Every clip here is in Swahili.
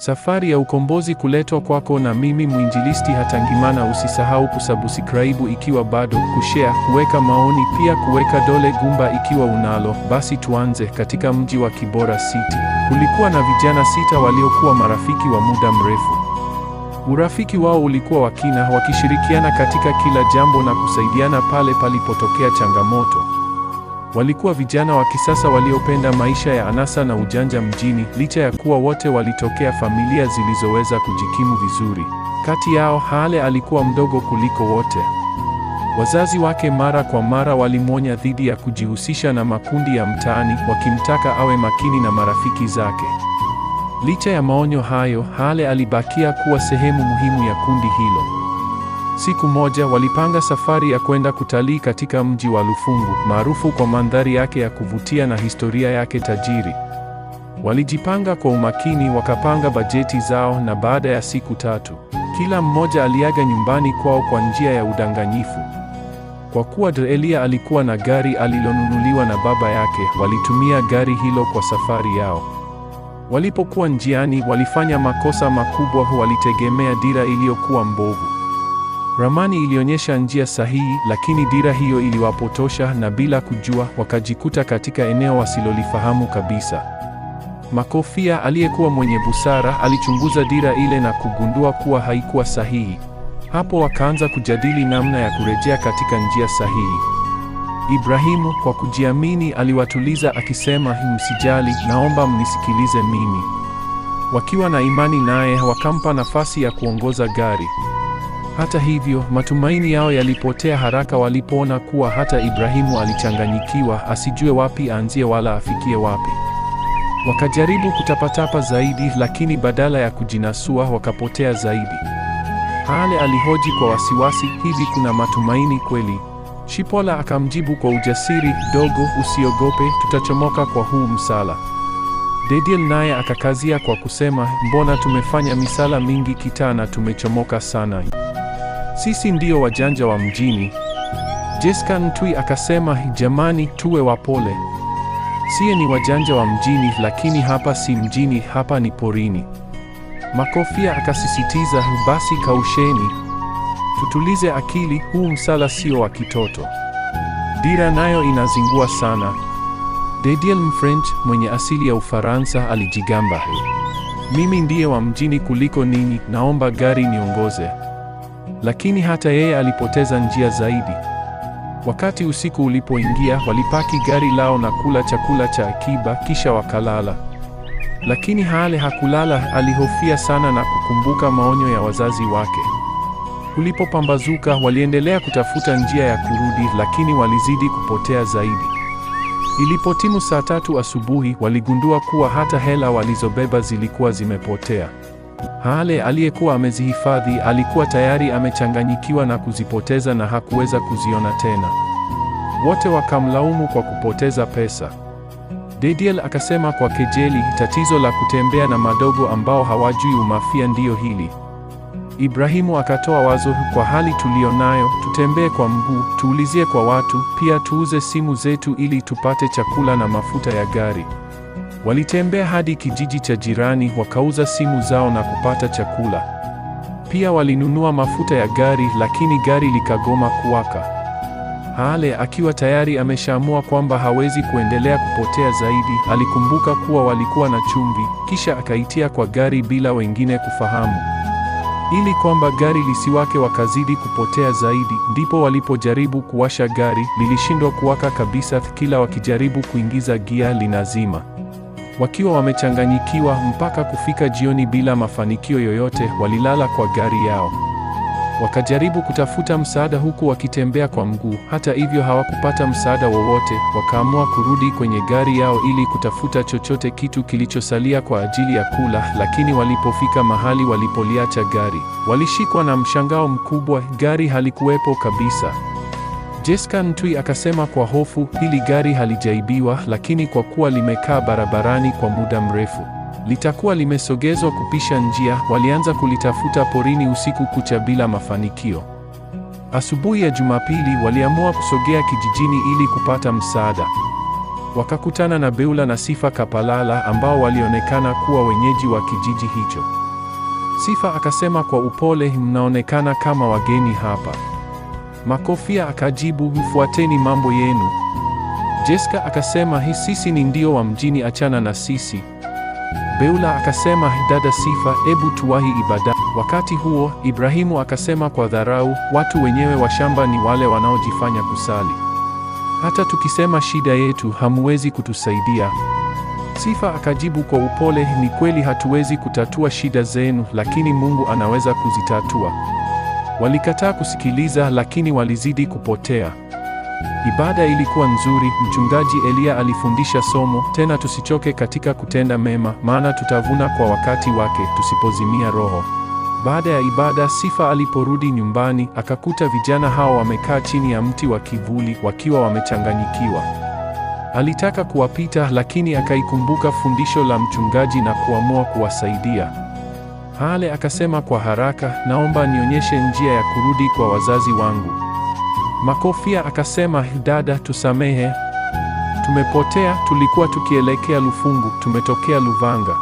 Safari ya ukombozi kuletwa kwako na mimi mwinjilisti Hatangimana. Usisahau kusubscribe ikiwa bado, kushare, kuweka maoni, pia kuweka dole gumba ikiwa unalo. Basi tuanze. Katika mji wa Kibora City kulikuwa na vijana sita waliokuwa marafiki wa muda mrefu. Urafiki wao ulikuwa wa kina, wakishirikiana katika kila jambo na kusaidiana pale palipotokea changamoto. Walikuwa vijana wa kisasa waliopenda maisha ya anasa na ujanja mjini, licha ya kuwa wote walitokea familia zilizoweza kujikimu vizuri. Kati yao, Hale alikuwa mdogo kuliko wote. Wazazi wake mara kwa mara walimwonya dhidi ya kujihusisha na makundi ya mtaani, wakimtaka awe makini na marafiki zake. Licha ya maonyo hayo, Hale alibakia kuwa sehemu muhimu ya kundi hilo. Siku moja walipanga safari ya kwenda kutalii katika mji wa Lufungu, maarufu kwa mandhari yake ya kuvutia na historia yake tajiri. Walijipanga kwa umakini, wakapanga bajeti zao, na baada ya siku tatu, kila mmoja aliaga nyumbani kwao kwa njia ya udanganyifu. Kwa kuwa elia alikuwa na gari alilonunuliwa na baba yake, walitumia gari hilo kwa safari yao. Walipokuwa njiani, walifanya makosa makubwa. Walitegemea dira iliyokuwa mbovu. Ramani ilionyesha njia sahihi, lakini dira hiyo iliwapotosha na bila kujua wakajikuta katika eneo wasilolifahamu kabisa. Makofia aliyekuwa mwenye busara alichunguza dira ile na kugundua kuwa haikuwa sahihi. Hapo wakaanza kujadili namna ya kurejea katika njia sahihi. Ibrahimu kwa kujiamini aliwatuliza akisema, msijali, naomba mnisikilize mimi. Wakiwa na imani naye, wakampa nafasi ya kuongoza gari. Hata hivyo, matumaini yao yalipotea haraka walipoona kuwa hata Ibrahimu alichanganyikiwa, asijue wapi aanzie wala afikie wapi. Wakajaribu kutapatapa zaidi, lakini badala ya kujinasua wakapotea zaidi. Hale alihoji kwa wasiwasi, hivi kuna matumaini kweli? Shipola akamjibu kwa ujasiri, dogo, usiogope, tutachomoka kwa huu msala. Dediel naye akakazia kwa kusema, mbona tumefanya misala mingi kitaa na tumechomoka sana. Sisi ndio wajanja wa mjini. Jessica Ntwi akasema, jamani, tuwe wapole. Sie ni wajanja wa mjini, lakini hapa si mjini, hapa ni porini. Makofia akasisitiza, basi kausheni, tutulize akili, huu msala sio wa kitoto. Dira nayo inazingua sana. Dediel french mwenye asili ya Ufaransa alijigamba, mimi ndiye wa mjini kuliko ninyi, naomba gari niongoze. Lakini hata yeye alipoteza njia zaidi. Wakati usiku ulipoingia, walipaki gari lao na kula chakula cha akiba kisha wakalala. Lakini Hale hakulala, alihofia sana na kukumbuka maonyo ya wazazi wake. Kulipopambazuka, waliendelea kutafuta njia ya kurudi, lakini walizidi kupotea zaidi. Ilipotimu saa tatu asubuhi, waligundua kuwa hata hela walizobeba zilikuwa zimepotea. Hale aliyekuwa amezihifadhi alikuwa tayari amechanganyikiwa na kuzipoteza na hakuweza kuziona tena. Wote wakamlaumu kwa kupoteza pesa. Dediel akasema kwa kejeli, tatizo la kutembea na madogo ambao hawajui umafia ndiyo hili. Ibrahimu akatoa wazo, kwa hali tuliyonayo, tutembee kwa mguu, tuulizie kwa watu, pia tuuze simu zetu ili tupate chakula na mafuta ya gari. Walitembea hadi kijiji cha jirani, wakauza simu zao na kupata chakula. Pia walinunua mafuta ya gari, lakini gari likagoma kuwaka. Hale akiwa tayari ameshaamua kwamba hawezi kuendelea kupotea zaidi, alikumbuka kuwa walikuwa na chumvi, kisha akaitia kwa gari bila wengine kufahamu. Ili kwamba gari lisiwake wakazidi kupotea zaidi, ndipo walipojaribu kuwasha gari, lilishindwa kuwaka kabisa, kila wakijaribu kuingiza gia linazima. Wakiwa wamechanganyikiwa mpaka kufika jioni bila mafanikio yoyote, walilala kwa gari yao. Wakajaribu kutafuta msaada huku wakitembea kwa mguu. Hata hivyo, hawakupata msaada wowote. Wakaamua kurudi kwenye gari yao ili kutafuta chochote kitu kilichosalia kwa ajili ya kula, lakini walipofika mahali walipoliacha gari, walishikwa na mshangao mkubwa. Gari halikuwepo kabisa. Jessica Ntui akasema kwa hofu, hili gari halijaibiwa, lakini kwa kuwa limekaa barabarani kwa muda mrefu litakuwa limesogezwa kupisha njia. Walianza kulitafuta porini usiku kucha bila mafanikio. Asubuhi ya Jumapili waliamua kusogea kijijini ili kupata msaada. Wakakutana na Beula na Sifa Kapalala ambao walionekana kuwa wenyeji wa kijiji hicho. Sifa akasema kwa upole, mnaonekana kama wageni hapa. Makofia akajibu, mfuateni mambo yenu. Jeska akasema, hi sisi ni ndio wa mjini, achana na sisi. Beula akasema, dada Sifa, ebu tuwahi ibada. Wakati huo Ibrahimu akasema kwa dharau, watu wenyewe wa shamba ni wale wanaojifanya kusali. Hata tukisema shida yetu hamwezi kutusaidia. Sifa akajibu kwa upole, ni kweli hatuwezi kutatua shida zenu, lakini Mungu anaweza kuzitatua. Walikataa kusikiliza, lakini walizidi kupotea. Ibada ilikuwa nzuri. Mchungaji Eliya alifundisha somo tena, tusichoke katika kutenda mema, maana tutavuna kwa wakati wake tusipozimia roho. Baada ya ibada, Sifa aliporudi nyumbani akakuta vijana hao wamekaa chini ya mti wa kivuli wakiwa wamechanganyikiwa. Alitaka kuwapita, lakini akaikumbuka fundisho la mchungaji na kuamua kuwasaidia. Hale akasema kwa haraka, naomba nionyeshe njia ya kurudi kwa wazazi wangu. Makofia akasema, dada, tusamehe, tumepotea, tulikuwa tukielekea Lufungu, tumetokea Luvanga.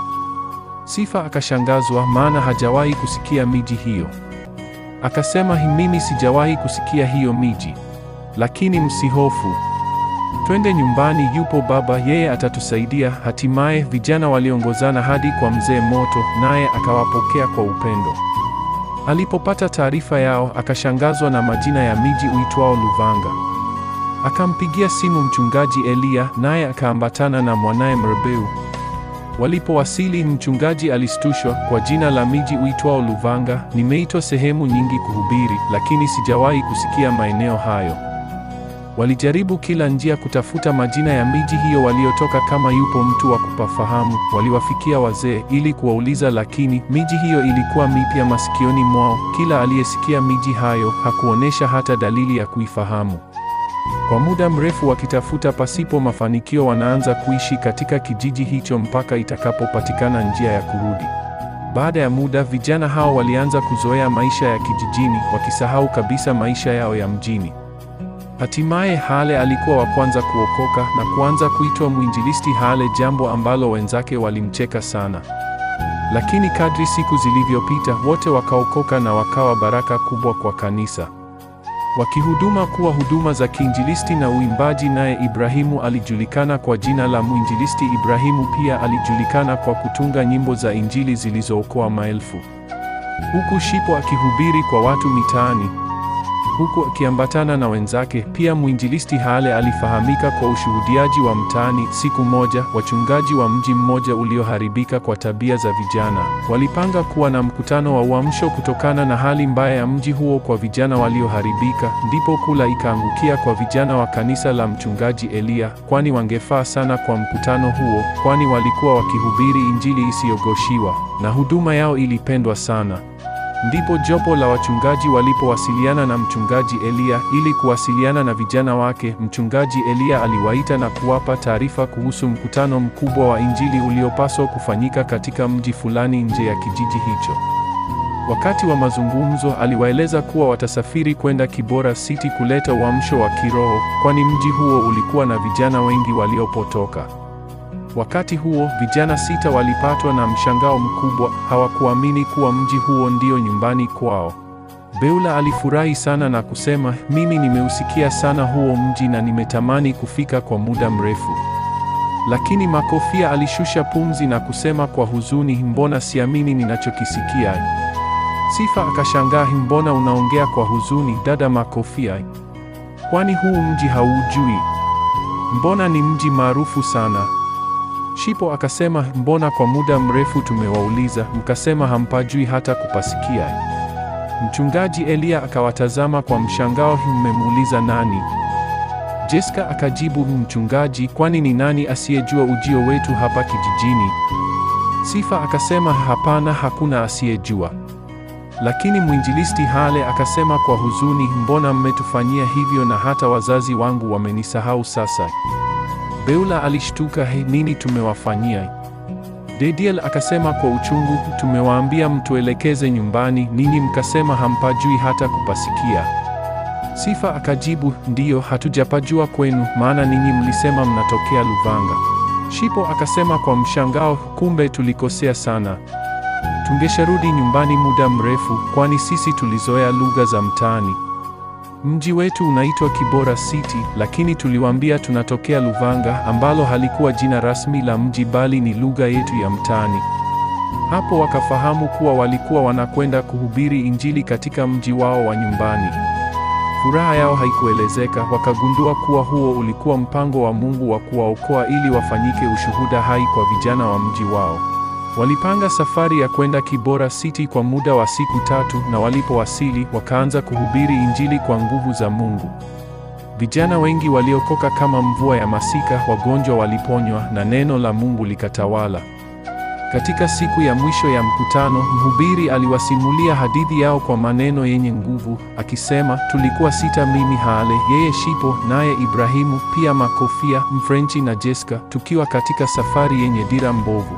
Sifa akashangazwa, maana hajawahi kusikia miji hiyo. Akasema, mimi sijawahi kusikia hiyo miji, lakini msihofu. Twende nyumbani, yupo baba, yeye atatusaidia. Hatimaye vijana waliongozana hadi kwa mzee Moto, naye akawapokea kwa upendo. Alipopata taarifa yao akashangazwa na majina ya miji uitwao Luvanga. Akampigia simu mchungaji Eliya, naye akaambatana na mwanaye Mrebeu. Walipowasili, mchungaji alistushwa kwa jina la miji uitwao Luvanga. Nimeitwa sehemu nyingi kuhubiri, lakini sijawahi kusikia maeneo hayo. Walijaribu kila njia kutafuta majina ya miji hiyo waliotoka, kama yupo mtu wa kupafahamu. Waliwafikia wazee ili kuwauliza, lakini miji hiyo ilikuwa mipya masikioni mwao. Kila aliyesikia miji hayo hakuonesha hata dalili ya kuifahamu. Kwa muda mrefu wakitafuta pasipo mafanikio, wanaanza kuishi katika kijiji hicho mpaka itakapopatikana njia ya kurudi. Baada ya muda, vijana hao walianza kuzoea maisha ya kijijini, wakisahau kabisa maisha yao ya mjini. Hatimaye Hale alikuwa wa kwanza kuokoka na kuanza kuitwa mwinjilisti Hale, jambo ambalo wenzake walimcheka sana. Lakini kadri siku zilivyopita, wote wakaokoka na wakawa baraka kubwa kwa kanisa, wakihuduma kuwa huduma za kiinjilisti na uimbaji. Naye Ibrahimu alijulikana kwa jina la mwinjilisti Ibrahimu. Pia alijulikana kwa kutunga nyimbo za Injili zilizookoa maelfu, huku shipo akihubiri kwa watu mitaani huku akiambatana na wenzake. Pia mwinjilisti Hale alifahamika kwa ushuhudiaji wa mtaani. Siku moja, wachungaji wa mji mmoja ulioharibika kwa tabia za vijana walipanga kuwa na mkutano wa uamsho kutokana na hali mbaya ya mji huo kwa vijana walioharibika. Ndipo kula ikaangukia kwa vijana wa kanisa la mchungaji Eliya, kwani wangefaa sana kwa mkutano huo, kwani walikuwa wakihubiri injili isiyogoshiwa na huduma yao ilipendwa sana. Ndipo jopo la wachungaji walipowasiliana na mchungaji Eliya ili kuwasiliana na vijana wake. Mchungaji Eliya aliwaita na kuwapa taarifa kuhusu mkutano mkubwa wa Injili uliopaswa kufanyika katika mji fulani nje ya kijiji hicho. Wakati wa mazungumzo, aliwaeleza kuwa watasafiri kwenda Kibora City kuleta uamsho wa kiroho, kwani mji huo ulikuwa na vijana wengi waliopotoka. Wakati huo vijana sita walipatwa na mshangao mkubwa, hawakuamini kuwa mji huo ndio nyumbani kwao. Beula alifurahi sana na kusema, mimi nimeusikia sana huo mji na nimetamani kufika kwa muda mrefu. Lakini Makofia alishusha pumzi na kusema kwa huzuni, mbona siamini ninachokisikia. Sifa akashangaa, mbona unaongea kwa huzuni dada Makofia? Kwani huu mji haujui? Mbona ni mji maarufu sana. Shipo akasema, mbona kwa muda mrefu tumewauliza mkasema hampajui hata kupasikia? Mchungaji Eliya akawatazama kwa mshangao, mmemuuliza nani? Jeska akajibu, mchungaji, kwani ni nani asiyejua ujio wetu hapa kijijini? Sifa akasema, hapana, hakuna asiyejua. Lakini mwinjilisti Hale akasema kwa huzuni, mbona mmetufanyia hivyo na hata wazazi wangu wamenisahau sasa? Beula alishtuka, he, nini tumewafanyia? Dediel akasema kwa uchungu, tumewaambia mtuelekeze nyumbani, nini mkasema hampajui hata kupasikia. Sifa akajibu, ndiyo, hatujapajua kwenu, maana ninyi mlisema mnatokea Luvanga. Shipo akasema kwa mshangao, kumbe tulikosea sana. Tungesharudi nyumbani muda mrefu, kwani sisi tulizoea lugha za mtaani. Mji wetu unaitwa Kibora City, lakini tuliwaambia tunatokea Luvanga ambalo halikuwa jina rasmi la mji bali ni lugha yetu ya mtaani. Hapo wakafahamu kuwa walikuwa wanakwenda kuhubiri Injili katika mji wao wa nyumbani. Furaha yao haikuelezeka, wakagundua kuwa huo ulikuwa mpango wa Mungu wa kuwaokoa ili wafanyike ushuhuda hai kwa vijana wa mji wao. Walipanga safari ya kwenda Kibora City kwa muda wa siku tatu, na walipowasili wakaanza kuhubiri Injili kwa nguvu za Mungu. Vijana wengi waliokoka kama mvua ya masika, wagonjwa waliponywa na neno la Mungu likatawala. Katika siku ya mwisho ya mkutano, mhubiri aliwasimulia hadithi yao kwa maneno yenye nguvu, akisema, tulikuwa sita: mimi, Hale, yeye Shipo, naye Ibrahimu, pia Makofia, Mfrenchi na Jeska, tukiwa katika safari yenye dira mbovu.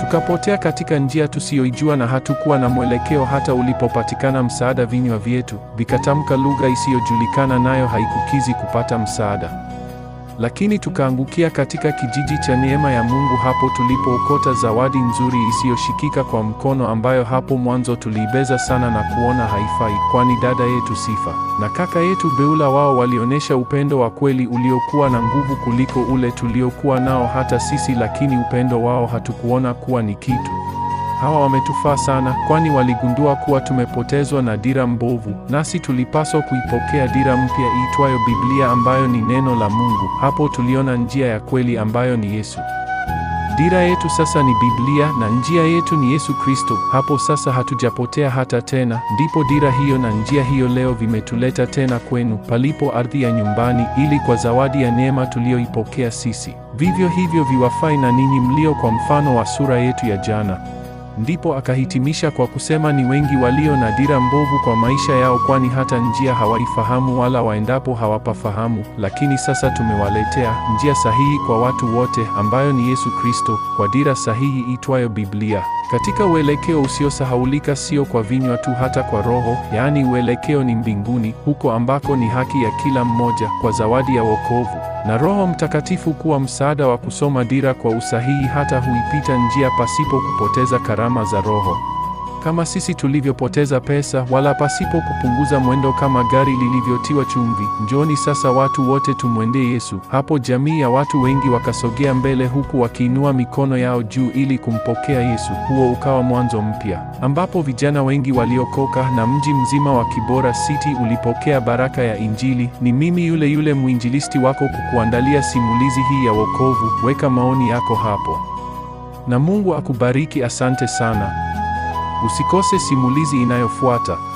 Tukapotea katika njia tusiyoijua na hatukuwa na mwelekeo hata ulipopatikana msaada. Vinywa vyetu vikatamka lugha isiyojulikana, nayo haikukizi kupata msaada lakini tukaangukia katika kijiji cha neema ya Mungu hapo tulipookota zawadi nzuri isiyoshikika kwa mkono ambayo hapo mwanzo tuliibeza sana na kuona haifai, kwani dada yetu Sifa na kaka yetu Beula wao walionyesha upendo wa kweli uliokuwa na nguvu kuliko ule tuliokuwa nao hata sisi, lakini upendo wao hatukuona kuwa ni kitu hawa wametufaa sana, kwani waligundua kuwa tumepotezwa na dira mbovu, nasi tulipaswa kuipokea dira mpya iitwayo Biblia, ambayo ni neno la Mungu. Hapo tuliona njia ya kweli ambayo ni Yesu. Dira yetu sasa ni Biblia na njia yetu ni Yesu Kristo. Hapo sasa hatujapotea hata tena. Ndipo dira hiyo na njia hiyo leo vimetuleta tena kwenu, palipo ardhi ya nyumbani, ili kwa zawadi ya neema tuliyoipokea sisi, vivyo hivyo viwafai na ninyi mlio kwa mfano wa sura yetu ya jana. Ndipo akahitimisha kwa kusema ni wengi walio na dira mbovu kwa maisha yao, kwani hata njia hawaifahamu wala waendapo hawapafahamu. Lakini sasa tumewaletea njia sahihi kwa watu wote, ambayo ni Yesu Kristo, kwa dira sahihi itwayo Biblia, katika uelekeo usiosahaulika, sio kwa vinywa tu, hata kwa roho, yaani uelekeo ni mbinguni, huko ambako ni haki ya kila mmoja kwa zawadi ya wokovu na Roho Mtakatifu kuwa msaada wa kusoma dira kwa usahihi hata huipita njia pasipo kupoteza karama za Roho kama sisi tulivyopoteza pesa, wala pasipo kupunguza mwendo kama gari lilivyotiwa chumvi. njoni sasa watu wote tumwendee Yesu. Hapo jamii ya watu wengi wakasogea mbele, huku wakiinua mikono yao juu ili kumpokea Yesu. Huo ukawa mwanzo mpya ambapo vijana wengi waliokoka na mji mzima wa Kibora City ulipokea baraka ya Injili. Ni mimi yule yule mwinjilisti wako kukuandalia simulizi hii ya wokovu. Weka maoni yako hapo, na Mungu akubariki. Asante sana. Usikose simulizi inayofuata.